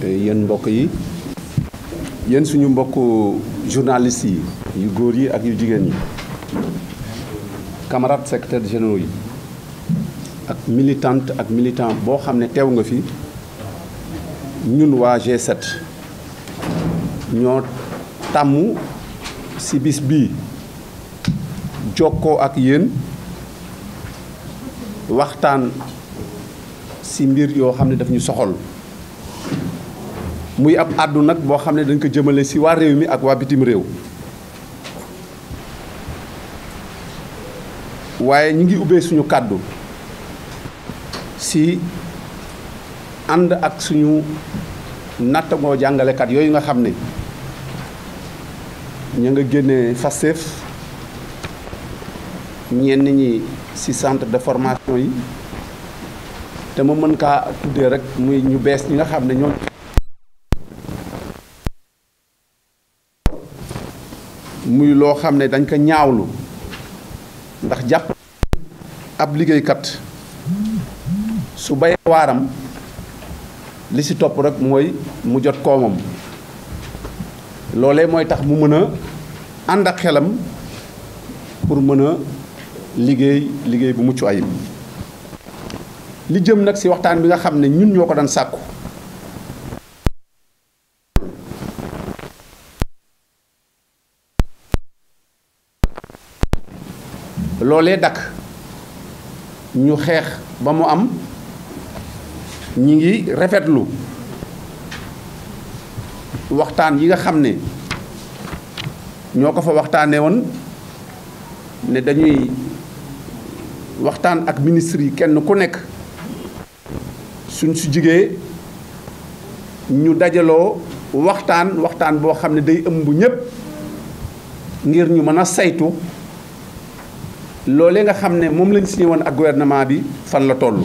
Eh, Yen mbokk yi yeen suñu mbokk journalistes yi yu góor yi ak yu jigéen yi camarade secrétaire généraux yi ak militante ak militant boo xam ne teew nga fi ñun waa G7 ñoo tàmm ci bis bii jokkoo ak yéen waxtaan ci mbir yoo xam ne daf ñu soxol muy ab addu nak bo xamne dañ ko jëmele ci wa rew mi ak wa bitim rew waye ñi ngi ubbee suñu kaddu ci and ak suñu jangale kat yoy nga xamne ne nga génnee fasef ñen ñi ci centre de formation yi te mo mën ka tuddé rek muy ñu bees ñi nga xamne ñoo muy loo xam ne dañ ko ñaawlu ndax jàpp ab liggéeykat su bay waaram li si topp rek mooy mu jot koomam loolee mooy tax mu mën a ànd xelam pour mën a liggéey liggéey bu mucc ayib li jëm nag si waxtaan bi nga xam ne ñun ñoo ko daan sàkku loolee dakk ñu xeex ba mu am ñi ngi rafetlu waxtaan yi nga xam ne ñoo ko fa waxtaanee woon ne dañuy waxtaan ak ministre yi kenn ku nekk suñ su jigee ñu dajaloo waxtaan waxtaan boo xam ne day ëmb ñépp ngir ñu mën a saytu loolee nga xam ne moom lañ signé woon ak gouvernement bi fan la toll.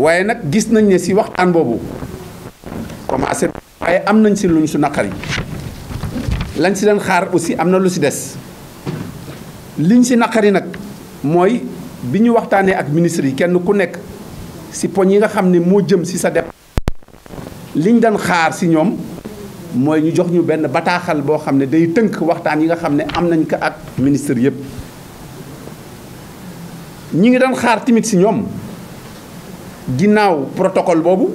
waaye nag gis nañ ne si waxtaan boobu commencé waaye am nañ si luñ su naqari lañ si leen xaar aussi am na lu si des liñ si naqari nag mooy bi ñu waxtaanee ak ministre yi kenn ku nekk si poñ yi nga xam ne moo jëm si sa dep liñ daan xaar si ñoom. moy ñu jox ñu benn bataaxal boo xam ne day tënk waxtaan yi nga xam ne am nañ ko ak ministre yëpp ñi ngi daan xaar timit si ñoom ginnaaw protocole boobu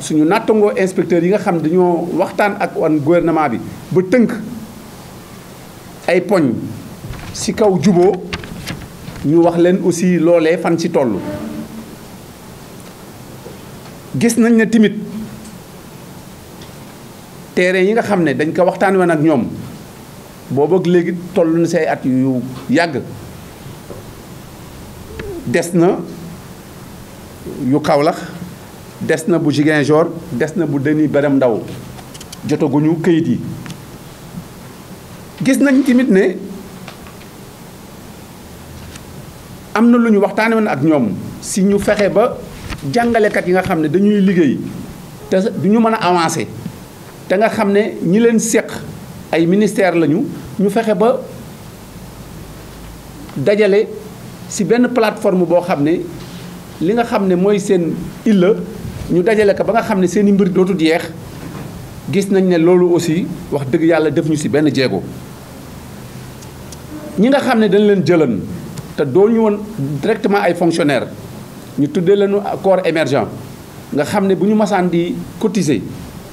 suñu nattangoo inspecteur yi nga xam dañoo waxtaan ak wan gouvernement bi ba tënk ay poñ si kaw juboo ñu wax leen aussi loolee fan si toll gis nañ ne timit terrain yi nga xam ne dañ ko waxtaan woon ak ñoom boobu léegi toll na say at yu yàgg des na yu Kaolack des na bu Ziguinchor des na bu Déni Berem Ndaw jotaguñu këyit yi gis nañ tamit ne am na lu ñu waxtaanee woon ak ñoom si ñu fexe ba jàngalekat yi nga xam ne dañuy liggéey te du ñu mën a avancer. danga xam ne ñi leen seq ay ministère lañu ñu fexe ba dajale ci benn plateforme boo xam ne li nga xam ne mooy seen illa ñu dajale ko ba nga xam ne seen i mbir dootul yeex gis nañ ne loolu aussi wax dëgg yàlla def ñu ci benn jéego ñi nga xam ne dañ leen jëlan te doo ñu woon directement ay fonctionnaires ñu tuddee lañu corps émergent nga xam ne bu ñu masaan di cotiser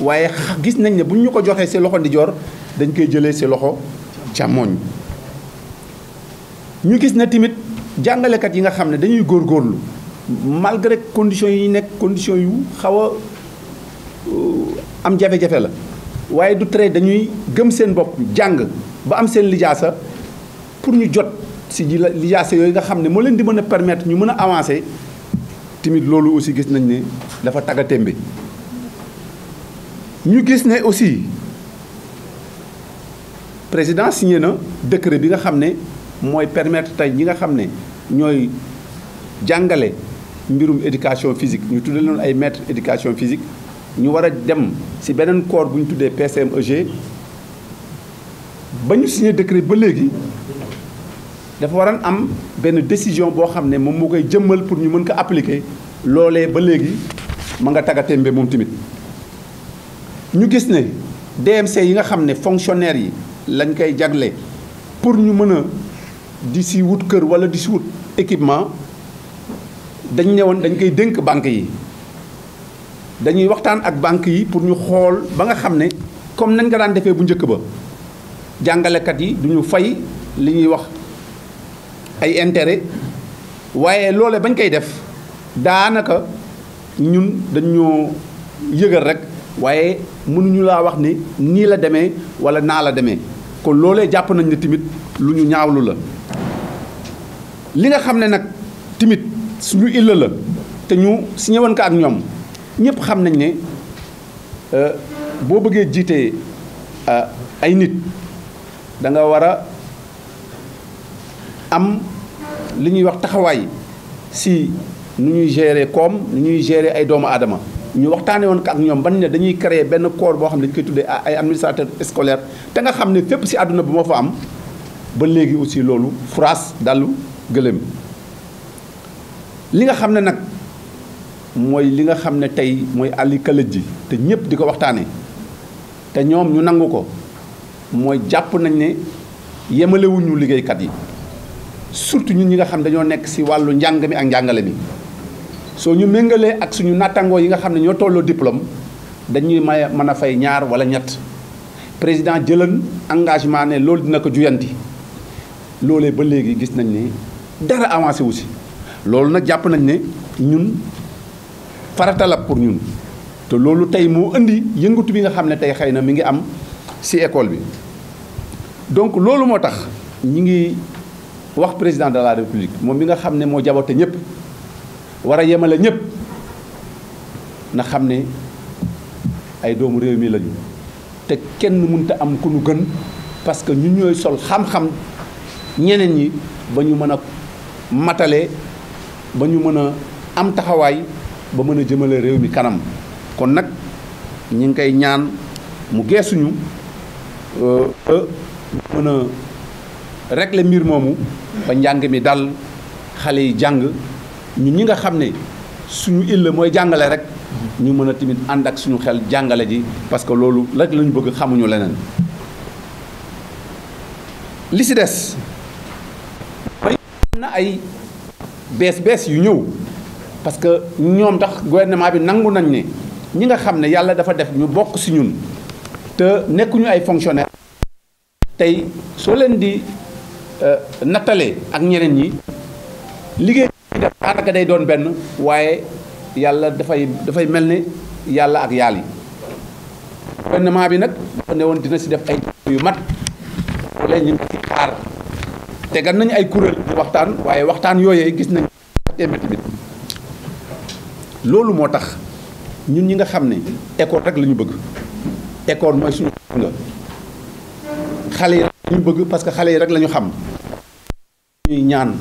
waaye gis nañ ne bu ñu ko joxee si loxo ndijoor dañ koy jëlee si loxo càmmoñ ñu gis na tamit jàngalekat yi nga xam ne dañuy góor góorlu malgré conditions yi nekk conditions yu xaw a euh, am jafe-jafe la waaye du tere dañuy gëm seen bopp jàng ba am seen lijaasa pour ñu jot si ji lijaasa yooyu nga xam ne moo leen di mën a permettre ñu mën a avancer tamit loolu aussi gis nañ ne dafa bi nous gis ne aussi président signé na décret bi nga permettre ñi nga Nous mbirum éducation physique ñu tuddee éducation physique ñu war a ci beneen corps bu ñu nous PCMEG ba décret ba dafa am benn décision boo xam ne moom koy jëmmal pour ñu mën ko appliquer loolee ba ma nga ñu gis ne DMC yi nga xam ne fonctionnaire yi lañ koy jagle pour ñu mën a di si wut kër wala di si wut équipement dañ ne woon dañ koy dénk banque yi dañuy waxtaan ak banque yi pour ñu xool ba nga xam ne comme nañ nga daan defee bu njëkk ba jàngalekat yi duñu fay li ñuy wax ay intérêt waaye loole bañ koy def daanaka ñun dañoo yëgal rek waaye mënuñu laa wax ni nii la demee wala naa la demee kon loolee jàpp nañ ne tamit lu ñu ñaawlu la li nga xam ne nag tamit suñu illa la te ñu si ñëwoon ko ak ñoom ñëpp xam nañ ne euh, boo bëggee jiitee euh, ay nit da nga war a am li ñuy wax taxawaay si nu ñuy gérer koom nu ñuy gérer ay doomu aadama ñu waxtaanee woon ko ak ñoom ban ne dañuy créer benn corps boo xam ne dañu koy tuddee ay administrateur scolaire te nga xam ne fépp si àdduna bu ma fa am ba léegi aussi loolu France dalu gëléem li nga xam ne nag mooy li nga xam ne tey mooy àlli collège ji te ñëpp di ko waxtaane te ñoom ñu nangu ko mooy jàpp nañ ne yemalewuñu liggéeykat yi surtout ñun ñi nga xam dañoo nekk si wàllu njàng mi ak njàngale mi soo ñu méngalee ak suñu nattangoo yi nga xam ne ñoo tolloo diplôme dañuy may mën a fay ñaar wala ñett président jëlan engagement ne loolu dina ko juyanti loolee ba léegi gis nañ ne dara avancé wu si loolu nag jàpp nañ ne ñun farata pour ñun te loolu tey moo indi yëngutu bi nga xam ne tey xëy na mi ngi am si école bi donc loolu moo tax ñi ngi wax président de la république moom mi nga xam ne moo jaboote ñëpp war a yemale ñëpp na xam ne ay doomu réew mi lañu te kenn mënta am ku nu gën parce que ñun ñooy sol xam-xam ñeneen yi ba ñu mën a matale ba ñu mën a am taxawaay ba mën a jëmale réew mi kanam kon nag ñu ngi koy ñaan mu geesuñu euh, ba mën a régler mbir moomu ba njàng mi dal xale yi jàng ñun ñi nga xam ne suñu illa mooy jàngale rek ñu mën a tamit ànd ak suñu xel jàngale ji parce que loolu rek lañu bëgg xamuñu leneen li si des am na ay bees bees yu ñëw parce que ñoom tax gouvernement bi nangu nañ ne ñi nga xam ne yàlla dafa def ñu bokk si ñun te nekkuñu ay fonctionnaire tey soo leen di euh, nattalee ak ñeneen yi liggéey def daanaka day doon benn waaye yàlla dafay dafay mel melni yàlla ak yàlla yi gouvernement bi nag dafa ne woon dina si def ay yu mat wala ñu ngi si ay kuréel di waxtaan waaye waxtaan yooyee gis nañ téeméer bi loolu moo tax ñun ñi nga xam ne école rek la ñu bëgg école mooy suñu nga xale yi ñu bëgg parce que rek xam ñuy ñaan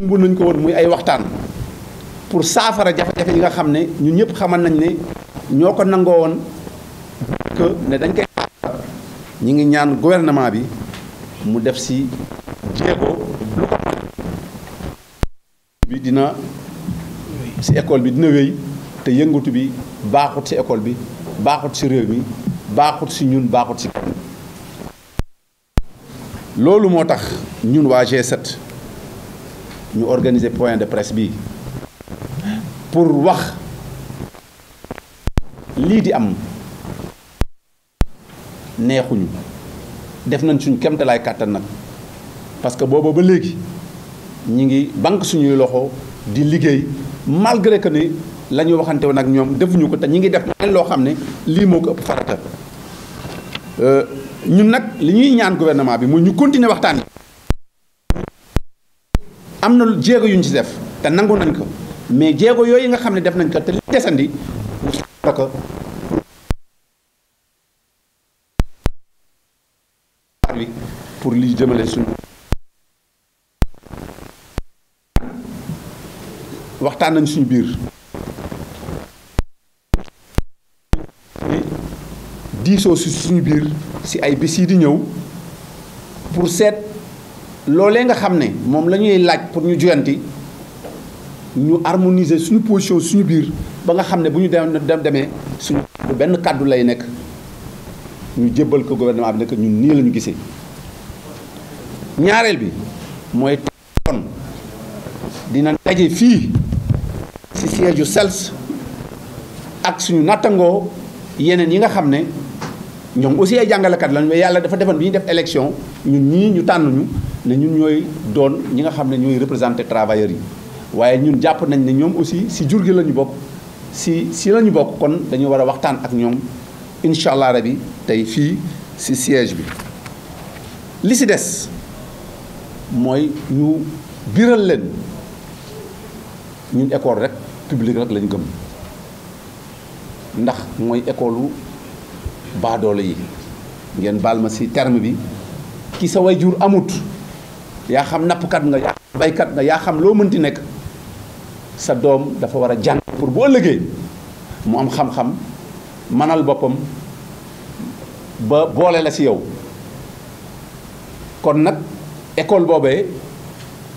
bu nañ ko woon muy ay waxtaan pour saafara jafe-jafe yi nga xam ne ñun ñëpp xamal nañ ne ñoo ko nangoo woon que ne dañ koy ñi ngi ñaan gouvernement bi mu def si jéego lu dina si école bi dina wéy te yëngatu bi baaxut si école bi baaxut si réew mi baaxut si ñun baaxut si kenn loolu moo tax ñun waa G7 ñu organiser point de presse bi pour wax lii di am neexuñu def nañ suñ kemtalaay kàttan nag parce que booba ba léegi ñi ngi banque suñuy loxo di liggéey malgré que ni la ñu waxante woon nag ñoom defuñu ko te ñi ngi def leen loo xam ne lii moo ko ëpp farata euh, ñun nag li ñuy ñaan gouvernement bi mooy ñu continuer waxtaan am na jéego yu ñu ci def te nangu nañ ko mais jéego yooyu nga xam ne def nañ ko te li desandi ko pour li jëmale suñu waxtaan nañ suñu biir diisoo si suñu biir si ay bisi yi di ñëw pour seet loolee nga xam ne moom la ñuy laaj pour ñu juyanti ñu harmoniser suñu position suñu biir ba nga xam ne bu ñu dem demee suñu benn kàddu lay nekk ñu jébbal ko gouvernement bi nekk ñun nii la ñu gisee ñaareel bi mooy kon dina daje fii ci siège yu ak suñu nattangoo yeneen yi nga xam ne ñoom aussi jàngalekat lañ mais yàlla dafa defoon bi ñuy def élection ñun ñii ñu tànn ñu ne ñun ñoy doon ñi nga xamne ñoy représenter travailleurs yi waye ñun japp nañ ne ñom aussi si jur gi la si si lañu bok kon dañu wara waxtaan ak ñom inshallah rabbi tay fi si siège bi li ci dess moy ñu biral leen ñun école rek public rek lañu gëm ndax moy école yi ngeen ma si terme bi ki sa way jur amut yaa xam nappkat nga yaa baykat nga yaa xam loo mënti nekk sa doom dafa war a jàng pour bu ëllëgee mu am xam-xam manal boppam ba boole la ci yow kon nag école boobee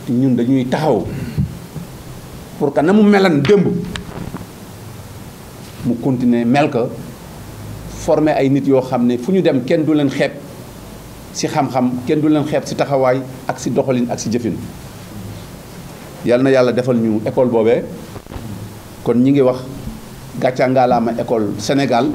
ñun dañuy taxaw pour que na mu melan démb mu continuer mel ko former ay nit yoo xam ne fu ñu dem kenn du leen xeeb si xam-xam kenn du leen xeet si taxawaay ak si doxalin ak si jëfin yal na yàlla defal ñu école boobee kon ñi ngi wax gàccaangaalaama école Sénégal